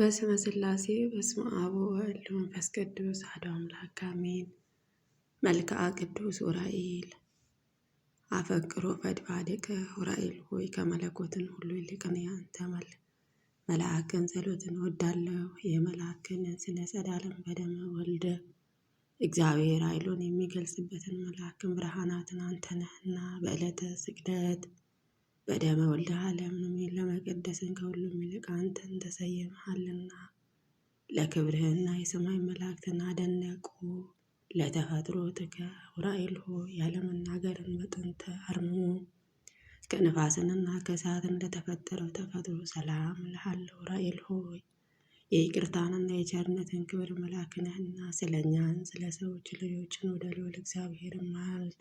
በስመ ስላሴ በስመ አብ ወወልድ ወመንፈስ ቅዱስ አሐዱ አምላክ አሜን። መልክዓ ቅዱስ ዑራኤል አፈቅሮ ፈድፋድቀ ዑራኤል ሆይ ከመለኮትን ሁሉ ይልቅን ያንተ መል መልአክን ጸሎትን ወዳለሁ። የመልአክን ስነ ጸዳልን በደመ ወልደ እግዚአብሔር ኃይሉን የሚገልጽበትን መልአክን ብርሃናትን አንተ ነህና በዕለተ ስግደት በደመ ወልደ ዓለምን ለመቀደስን ከሁሉም ይልቅ አንተ ተሰይመሃልና። ለክብርህና የሰማይ መላእክትን አደነቁ። ለተፈጥሮ ትከ ዑራኤል ሆይ ያለመናገርን በጥንተ አርምሞ ከንፋስንና ከእሳትን እንደተፈጠረው ተፈጥሮ ሰላም እልሃለሁ። ዑራኤል ሆይ የይቅርታንና የቸርነትን ክብር መልአክ ነህና ስለ እኛን ስለ ሰዎች ልጆችን ወደ ልዑል እግዚአብሔር ማልድ።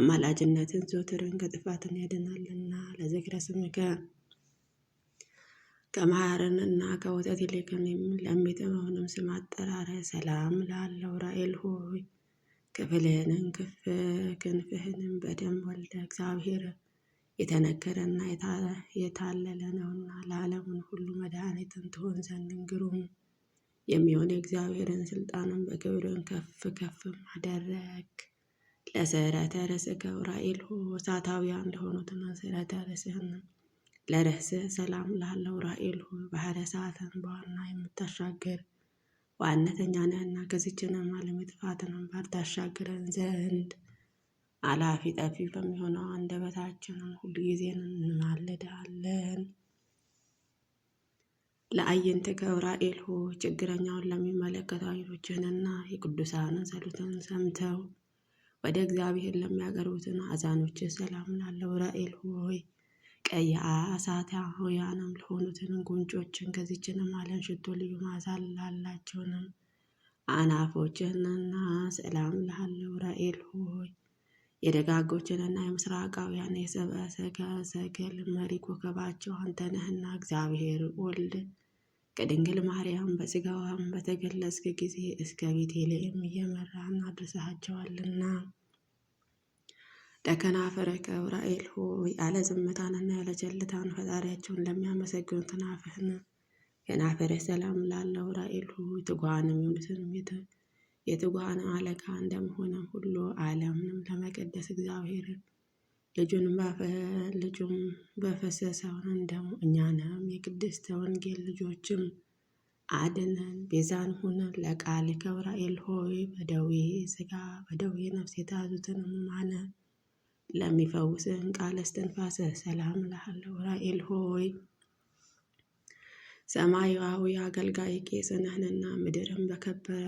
አማላጅነትን ዘወትርን ከጥፋትን ያድናልና ለዝክረ ስምከ ከማርና ከወተት ይልቅም ለሚጥመውንም ስም አጠራረ ሰላም ላለው ራኤል ሆይ ክፍልህንም ክፍ ክንፍህንም በደም ወልደ እግዚአብሔር የተነገረና የታለለ ነውና ለዓለሙን ሁሉ መድኃኒትን ትሆን ዘንድ ግሩም የሚሆን የእግዚአብሔርን ስልጣንም በክብርን ከፍ ከፍ ማደረግ ለስዕረተ ርእስከ ዑራኤል ሆ እሳታውያን ለሆኑትን ስዕረተ ርእስህንም ለርእስህ ሰላም ላለው ራኤል ሆይ ባህረ ሰዓትን በዋና የምታሻገር ዋነተኛ ነህና ከዚችንም ዓለም የጥፋትን አምባር ታሻግረን ዘንድ አላፊ ጠፊ በሚሆነው አንደበታችንም ሁልጊዜን እንማልዳለን። ለአየንተ ገብራኤል ሆ ችግረኛውን ለሚመለከተው አይኖችህንና የቅዱሳንን ሰሉትን ሰምተው ወደ እግዚአብሔር ለሚያቀርቡትን አዛኖች ሰላም ላለው ራኤል ሆይ ቀይ አሳታውያንም ለሆኑትንም ጉንጮችን ከዚችንም ዓለም ሽቶ ልዩ መዓዛ ላላቸውንም አናፎችንና ሰላም ላለው ራኤል ሆይ የደጋጎችንና የምስራቃውያን የሰበሰገ ሰገል መሪ ኮከባቸው አንተ ነህና እግዚአብሔር ወልድ ከድንግል ማርያም በስጋዋም በተገለጽክ ጊዜ እስከ ቤቴልሔም እየመራን አድርሰሃቸዋልና ለከናፈረ ከዑራኤል ሆይ ያለ ዝምታንና ያለ ቸልታን ፈጣሪያቸውን ለሚያመሰግኑ ትናፍህን የናፈረ ሰላም ላለው ዑራኤል ሆይ ትጉሃንም የሆኑትንም የትጓን አለቃ እንደመሆነም ሁሉ ዓለምንም ለመቀደስ እግዚአብሔርን ልጁን ልጁም በፈሰሰውን ደም እኛንም የቅድስተ ወንጌል ልጆችም አድነን ቤዛን ሁነን። ለቃልከ ዑራኤል ሆይ በደዌ ስጋ በደዌ ነፍስ የታዙትን ማነን። ለሚፈውስህን ቃለ እስትንፋስህ ሰላም እልሃለሁ። ራኤል ሆይ ሰማያዊ አገልጋይ ቄስህ ነህና ምድርም በከበረ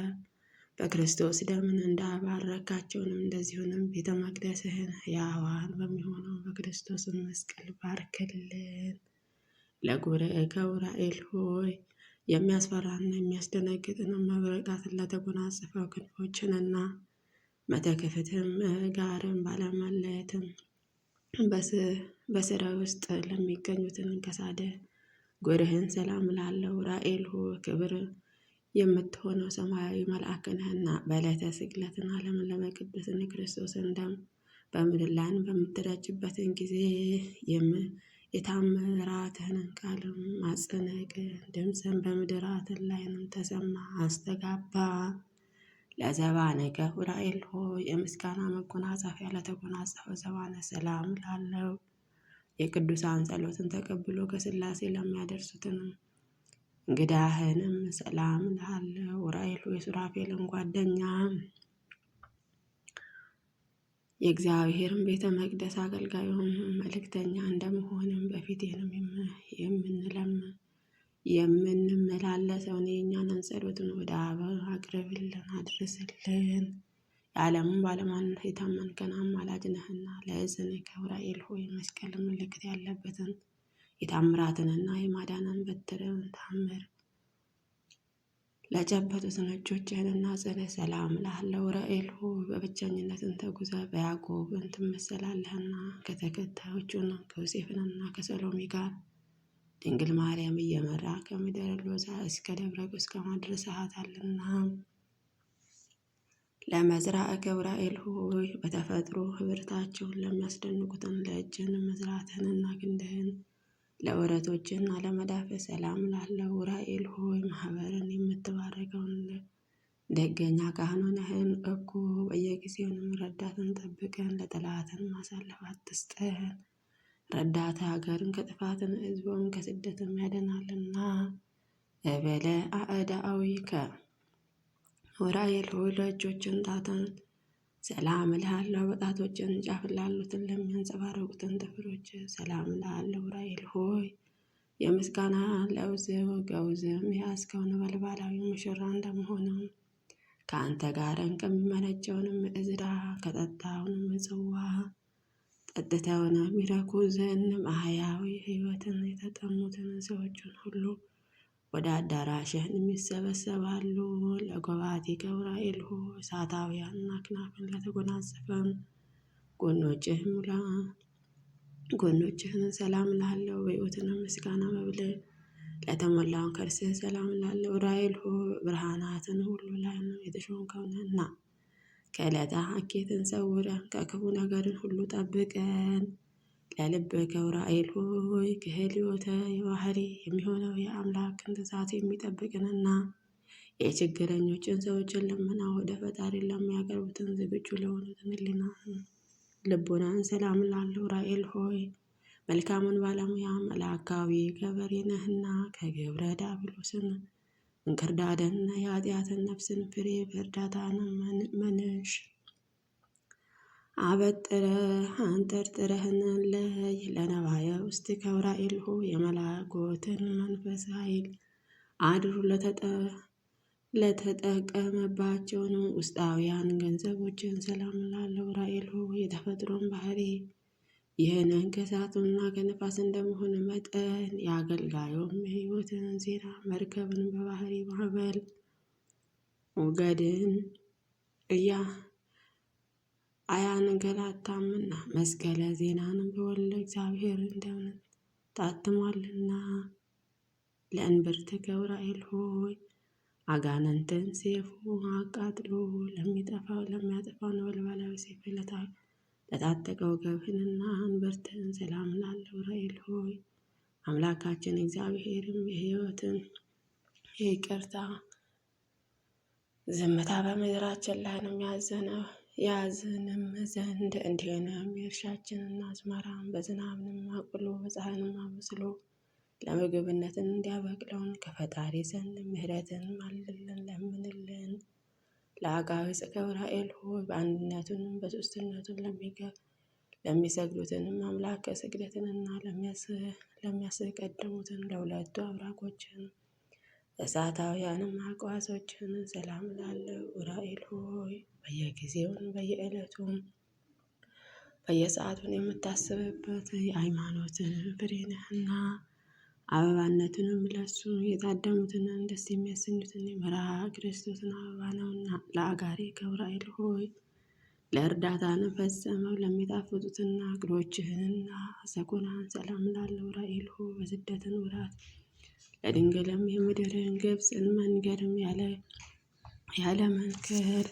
በክርስቶስ ደምን እንዳባረካቸውንም እንደዚሁንም ቤተ መቅደስህን ሕያዋን በሚሆነው በክርስቶስም መስቀል ባርክልን። ለጉርዕከ ኡራኤል ሆይ የሚያስፈራና የሚያስደነግጥንም መብረቃትን ለተጎናጸፈው ክንፎችንና መተክፍትም ጋርም ባለማለየትም በስራ ውስጥ ለሚገኙትን ከሳደ ጎርህን ሰላም ላለው ራኤል ሆ ክብር የምትሆነው ሰማያዊ መልአክ ነህና በዕለተ ስቅለትን ዓለምን ለመቀደስን ክርስቶስን ደም በምድር ላይ በምትረጭበትን ጊዜ የታምራትህን ቃል ማጸነቅ ድምፅን በምድራትን ላይንም ተሰማ አስተጋባ። ለዘባነከ ዑራኤል ሆይ የምስጋና መጎናጸፊያ ለተጎናጸፈ ዘባነ ሰላም ላለው የቅዱሳን ጸሎትን ተቀብሎ ከስላሴ ለሚያደርሱትንም እንግዳህንም ሰላም ላለው ዑራኤል ሆይ የሱራፌልን ጓደኛ የእግዚአብሔርን ቤተ መቅደስ አገልጋዩም መልእክተኛ እንደመሆንም በፊትህንም የምንለምን የምንመላለሰው ነው። የእኛንን ጸሎትን ወደ አብ አቅርብልን አድርስልን። የዓለምን ባለማንነት የታመንከን አማላጅ ነህና ለእዝን ከብራኤል ሆይ መስቀል ምልክት ያለበትን የታምራትንና የማዳንን በትርን ታምር ለጨበጡት እጆችህንና ጽነ ሰላም እልሃለሁ። ራኤል ሆይ በብቸኝነትን ተጉዘ በያዕቆብን ትመሰላለህና ከተከታዮቹን ከዮሴፍንና ከሰሎሜ ጋር ድንግል ማርያም እየመራ ከምድረ ሎዛ እስከ ደብረ ቁስቋም ከማድረስ ለመዝራእ ገብርኤል ሆይ በተፈጥሮ ሕብርታችሁን ለሚያስደንቁትን ለእጅን መዝራትንና ግንድህን ለወረቶችና ለመዳፈ ሰላም ላለው ራኤል ሆይ ማህበርን የምትባረገውን ደገኛ ካህኑንህን ሆነህን እኩ በየጊዜውንም ረዳትን ጠብቀን ለጠላትን ማሳለፍ አትስጠን። ረዳት ሀገርን ከጥፋትን ህዝቡን ከስደትም ያደናልና። እበለ አእዳአዊከ ወራኤል ሆይ እጆችን ጣትን ሰላም እልሃለሁ። በጣቶችን ጫፍ ላሉትን ለሚያንጸባርቁትን ጥፍሮች ሰላም እልሃለሁ። ራኤል ሆይ የምስጋና ለውዝ ገውዝም የያዝከው ነበልባላዊ ሙሽራ እንደመሆንም ከአንተ ጋር ከሚመነጨውንም እዝራ ከጠጣውንም ጽዋ ቀጥታ ሆነ የሚረኩ ዘንድ ማህያዊ ሕይወትን የተጠሙትን ሰዎችን ሁሉ ወደ አዳራሽህን የሚሰበሰባሉ። ለጎባቴ ገብርኤል ሆ እሳታውያን ክናፍን ለተጎናጸፈም ጎኖችህ ሙላ። ጎኖችህን ሰላም ላለው በሕይወትንም ምስጋና መብል ለተሞላውን ከርስህ ሰላም ላለው ራኤል ሆ ብርሃናትን ሁሉ ላይ የተሾምከውንና አኬትን ሰውረን ከክፉ ነገርን ሁሉ ጠብቀን። ለልብ ገብርኤል ሆይ ክህልዮተ የባህሪ የሚሆነው የአምላክን ትእዛዝ የሚጠብቅንና የችግረኞችን ሰዎችን ልመና ወደ ፈጣሪ ለሚያቀርቡትን ዝግጁ ለሆኑትን ልና ልቦናን ሰላም ላለው ራኤል ሆይ መልካምን ባለሙያ መላካዊ ገበሬ ነህና ከግብረ ዳብሎስን እንክርዳደን የኃጢአትን ነፍስን ፍሬ በእርዳታንም መንሽ አበጥረ አንጠርጥረህን ለይ ለነባየ ውስጥ ከብራኤል ሆ የመላጎትን መንፈስ ኃይል አድሩ ለተጠቀመባቸውን ውስጣውያን ገንዘቦችን ሰላም ላለው ራኤል ሆ የተፈጥሮን ባህሪ ይህንን ከእሳትና ከነፋስ እንደመሆን መጠን የአገልጋዩም የሕይወትን ዜና መርከብን በባህሪ ማዕበል ሞገድን እያ አያንገላታምና መስቀለ ዜናንም በወልደ እግዚአብሔር እንደምን ታትሟልና። ለእንብርት ገብርኤል ሆይ አጋንንትን ሴፉ አቃጥሎ ለሚጠፋው ለሚያጠፋው ነበልባላዊ ሴፍ ለታ ተጣጥቀህ ወገብህንና አንበርትህን ሰላም ላለው ራኤል ሆይ አምላካችን እግዚአብሔርም የህይወትን የይቅርታ ዝምታ በምድራችን ላይ ነው የሚያዘነው ያዝንም ዘንድ እንዲሆንም የእርሻችንን አዝመራን በዝናብንም አቁሎ በፀሐይንም አብስሎ ለምግብነትን እንዲያበቅለውን ከፈጣሪ ዘንድ ምሕረትን ማልልን ለምንልን። ለአጋዊ ገብርኤል ሆይ በአንድነቱንም በሶስትነቱን ለሚሰግዱትንም አምላክ ስግደትንና ለሚያስቀድሙትን ለሁለቱ አብራኮችን እሳታውያንም አቋሶችን ሰላም ላለው ራኤል ሆይ በየጊዜውን በየዕለቱም በየሰዓቱን የምታስብበት የሃይማኖትን ፍሬነህና አበባነትንም ለሱ የታደሙትን ደስ የሚያሰኙትን የመርሃ ክርስቶስን አበባ ነውና ለአጋሪ ገብርኤል ሆይ ለእርዳታ ፈጸመው ለሚጣፍጡትና እግሮችህንና ሰኮናን ሰላም ላለው ራኤል ሆ በስደትን ውራት ለድንግልም የምድርን ግብፅን መንገድም ያለ ያለ መንከር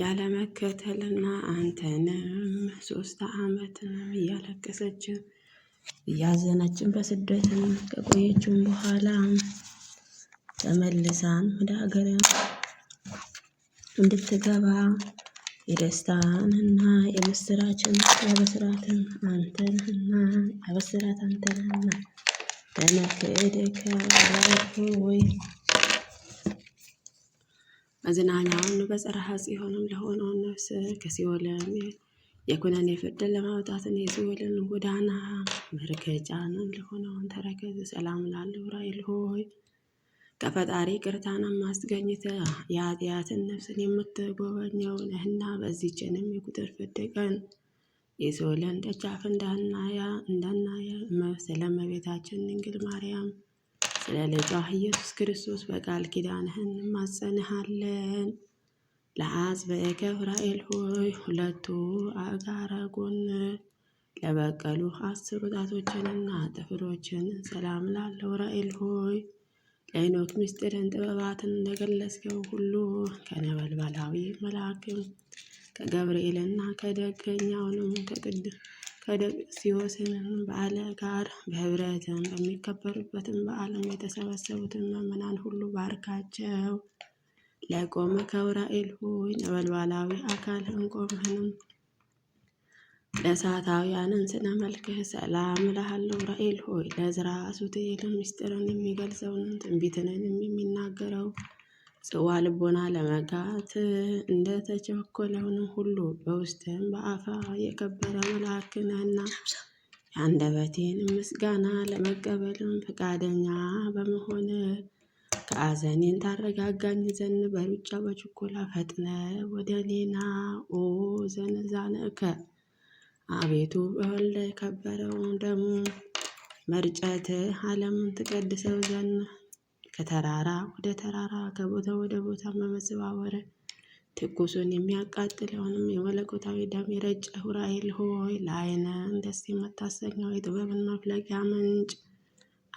ያለመከተልና አንተንም ሶስት ዓመትንም እያለቀሰች እያዘነችን በስደትም ከቆየችውን በኋላ ተመልሳን ወደ ሀገር እንድትገባ የደስታን እና የምስራችን ያበስራትን አንተንና ያበስራት አንተንና ተመክደከ ወይ መዝናኛውን በጽርሐ ጽዮንም ለሆነውን ነፍስ ከሲኦልም የኩነኔ ፍርድን ለማውጣትን የሲኦልን ጎዳና መርገጫንም ለሆነውን ተረከዝ ሰላም ላለው ራይል ሆይ ከፈጣሪ ቅርታን ማስገኝት የኃጢአትን ነፍስን የምትጎበኘው ነህና፣ በዚችንም የቁጥር ፍርድ ቀን የሲኦልን ደጃፍ እንዳናያ እንዳናያ ስለእመቤታችን ድንግል ማርያም ስለ ልጇ ኢየሱስ ክርስቶስ በቃል ኪዳንህ እንማጸንሃለን። ለአጽብዕከ ዑራኤል ሆይ ሁለቱ አጋረ ጎን ለበቀሉ አስር ጣቶችንና ጥፍሮችን ሰላም ላለው ራኤል ሆይ ለሄኖክ ምስጢርን ጥበባትን እንደገለጽከው ሁሉ ከነበልባላዊ መልአክም ከገብርኤልና ከደገኛውንም ከቅድ ከደቅሲዮስንም በዓለ ጋር በህብረትም በሚከበሩበትን በዓለም የተሰበሰቡትን ምዕመናን ሁሉ ባርካቸው። ለቆመ ከውራኤል ሆይ ነበልባላዊ አካል እንቆምህንም ለእሳታውያንን ስነ መልክህ ሰላም እልሃለሁ። ራኤል ሆይ ለዝራ ሱቴልን ምስጢርን የሚገልጸውን ትንቢትንን የሚናገረው ጽዋ ልቦና ለመጋት እንደ ተቸኮለውን ሁሉ በውስጥም በአፋ የከበረ መልአክ ነህና የአንደበቴን ምስጋና ለመቀበልም ፈቃደኛ በመሆን ከአዘኔን ታረጋጋኝ ዘን በሩጫ በችኮላ ፈጥነ ወደ ኔና ኦ ዘነዛነከ አቤቱ በወልደ የከበረውን ደሙ መርጨት ዓለምን ትቀድሰው ዘን ከተራራ ወደ ተራራ ከቦታ ወደ ቦታ በመዘዋወር ትኩሱን የሚያቃጥለውንም የመለኮታዊ ደም የረጨ ዑራኤል ሆይ ለዓይንህ ደስ የምታሰኘው የጥበብን መፍለቂያ ምንጭ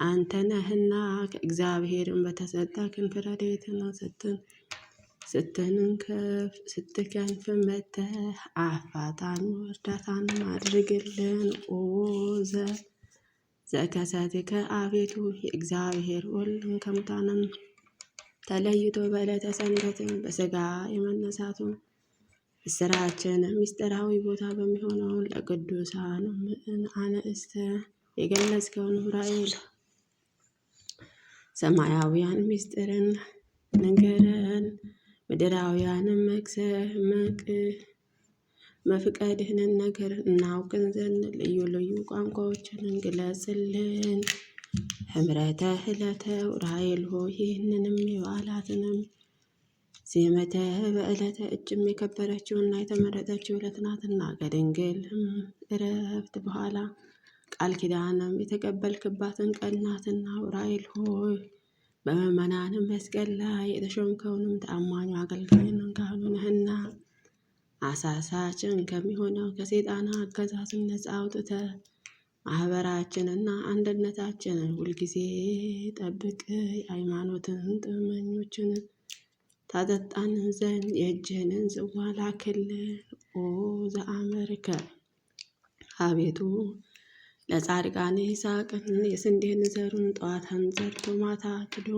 አንተ ነህና ከእግዚአብሔርን በተሰጠ ክንፍ ረድኤትን ስትን ስትንከፍ ስትከንፍ መተህ አፋጣኝ እርዳታንም አድርግልን ኦዘ ዘከሰትከ አቤቱ የእግዚአብሔር ወልድ ከሙታንም ተለይቶ በዕለተ ሰንበት በስጋ የመነሳቱን ምስራችን ምስጢራዊ ቦታ በሚሆነው ለቅዱሳን አነእስተ የገለጽከውን ዑራኤል ሰማያውያን ምስጢርን ንገረን፣ ምድራውያንም መቅሰ መፍቀድህንን ነገር እናውቅን ዘንድ ልዩ ልዩ ቋንቋዎችን እንግለጽልን። ህምረተ ህለተ ዑራኤል ሆይ ይህንንም የበዓላትንም ዜመተ በዕለተ እጅም የከበረችውና የተመረጠችው ዕለት ናትና ከድንግል እረፍት በኋላ ቃል ኪዳንም የተቀበልክባትን ቀን ናትና ዑራኤል ሆይ በምዕመናንም መስቀል ላይ የተሾምከውንም ተአማኙ አገልጋይን ካህኑ ነህና አሳሳችን ከሚሆነው ከሴጣን አገዛዝ ነፃ አውጥተ ማህበራችንና አንድነታችንን ሁልጊዜ ጠብቅ። የሃይማኖትን ጥመኞችን ታጠጣን ዘንድ የእጅህንን ጽዋ ላክልን። ኦ ዘአመርከ አቤቱ ለጻድቃን ይስሐቅን የስንዴን ዘሩን ጠዋታን ዘርቶ ማታ ክዶ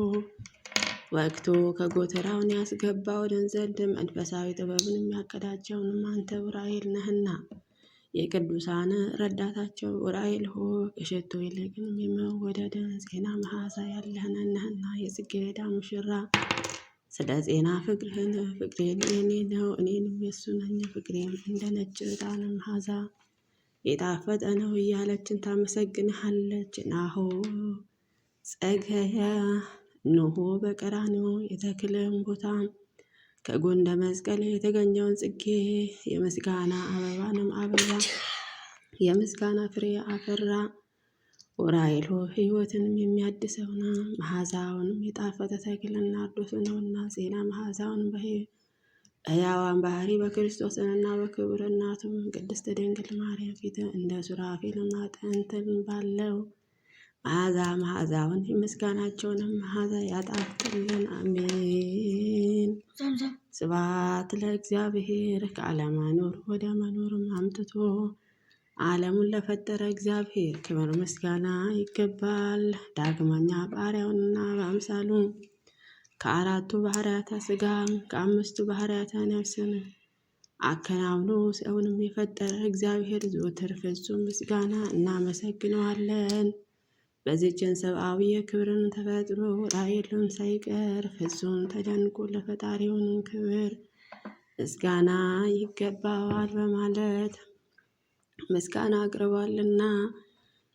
ወቅቱ ከጎተራውን ያስገባውን ዘንድ መንፈሳዊ ጥበብን የሚያቀዳጀውንም አንተ ዑራኤል ነህና የቅዱሳን ረዳታቸው ዑራኤል ሆ ከሽቱ ይልቅን የመወደድን ዜና መዓዛ ያለህን ነህና የጽጌረዳ ሙሽራ ስለ ዜና ፍቅርህን ፍቅሬን የኔ ነው እኔንም የሱ ነኝ ፍቅሬም እንደ ነጭ ዕጣን መሐዛ የጣፈጠ ነው እያለችን ታመሰግንሃለች ናሆ ጸገያ እነሆ በቀራንዮ የተክልን ቦታ ከጎንደ መስቀል የተገኘውን ጽጌ የምስጋና አበባንም አበባ የምስጋና ፍሬ አፈራ። ዑራኤል ሕይወትንም የሚያድሰውና መዓዛውንም የጣፈጠ ተክልና ናርዶስ ነውና ዜና መዓዛውን በሕያዋን ባህሪ በክርስቶስንና በክቡር እናቱም ቅድስት ድንግል ማርያም ፊት እንደ ሱራፌል ማጠንትን ባለው መዓዛ መዓዛውን ምስጋናቸውንም መዓዛ ያጣፍጥልን። አሜን። ስብሐት ለእግዚአብሔር ከአለመኖር ወደ መኖርም አምጥቶ ዓለሙን ለፈጠረ እግዚአብሔር ክብር ምስጋና ይገባል። ዳግመኛ ባሪያውንና በአምሳሉ ከአራቱ ባህርያተ ስጋም ከአምስቱ ባህርያተ ነፍስን አከናውኖ ሰውንም የፈጠረ እግዚአብሔር ዘወትር ፍጹም ምስጋና እናመሰግነዋለን። በዚችን ሰብአዊ የክብርን ተፈጥሮ ራእየሉን ሳይቀር ፍጹም ተደንቆ ለፈጣሪውን ክብር ምስጋና ይገባዋል በማለት ምስጋና አቅርቧልና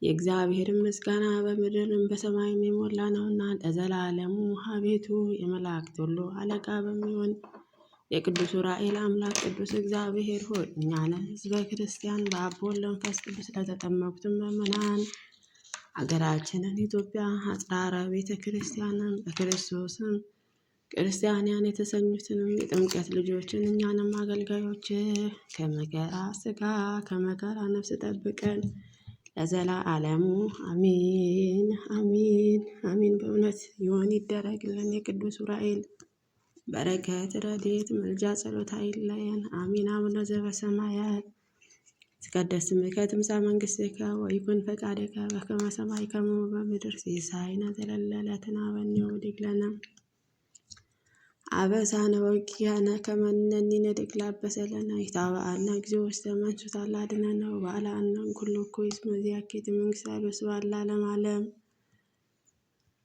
የእግዚአብሔርን ምስጋና በምድርም በሰማይም የሞላ ነውና ለዘላለሙ ሀቤቱ የመላእክት ሁሉ አለቃ በሚሆን የቅዱስ ዑራኤል አምላክ ቅዱስ እግዚአብሔር ሆይ እኛን ሕዝበ ክርስቲያን በአብ ቅዱስ ለተጠመቁትን ምእመናን ሀገራችንን ኢትዮጵያ አጽራረ ቤተ ክርስቲያንን በክርስቶስም ክርስቲያንያን የተሰኙትንም የጥምቀት ልጆችን እኛንም አገልጋዮች ከመከራ ስጋ ከመከራ ነፍስ ጠብቀን ለዘላ አለሙ አሚን አሚን አሚን። በእውነት ይሆን ይደረግልን። የቅዱስ ዑራኤል በረከት ረድኤት፣ ምልጃ ጸሎት አይለየን። አሚን። አቡነ ዘበሰማያት ሲቀደስ ስምከ ትምጻእ መንግሥትከ ወይኩን ፈቃድከ በከመ በሰማይ በምድር ሲሳየነ ዘለለዕለትነ ሀበነ ወኅድግ ለነ አበሳነ ወጌጋነ ከመ ንሕነኒ ንድግ ለነ ኢታብአነ እግዚኦ ውስተ መንሱት አላ አድኅነነ ወባልዐነ ኩሉ እኩይ እስመ ዚአኬ መንግሥተ ኀበስ በአላ ለማለም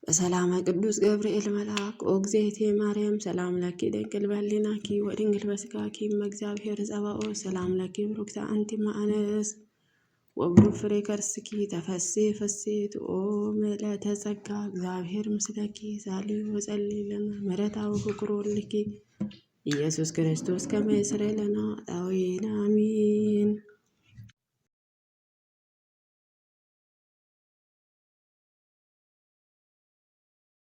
በሰላመ ቅዱስ ገብርኤል መልአክ ኦግዜቴ ማርያም ሰላም ለኪ ድንግል በኅሊናኪ ወድንግል በስጋኪ መእግዚአብሔር ጸባኦት ሰላም ለኪ ብሩክተ አንቲ ማአነስ ወብሩክ ፍሬ ከርስኪ ተፈሴ ፈሴት ኦ ምለ ተጸጋ እግዚአብሔር ምስለኪ ዛሊ ወጸልይ ለነ ምሕረታ ወፍቁር ኢየሱስ ክርስቶስ ከመስረለና ይስረይ ለነ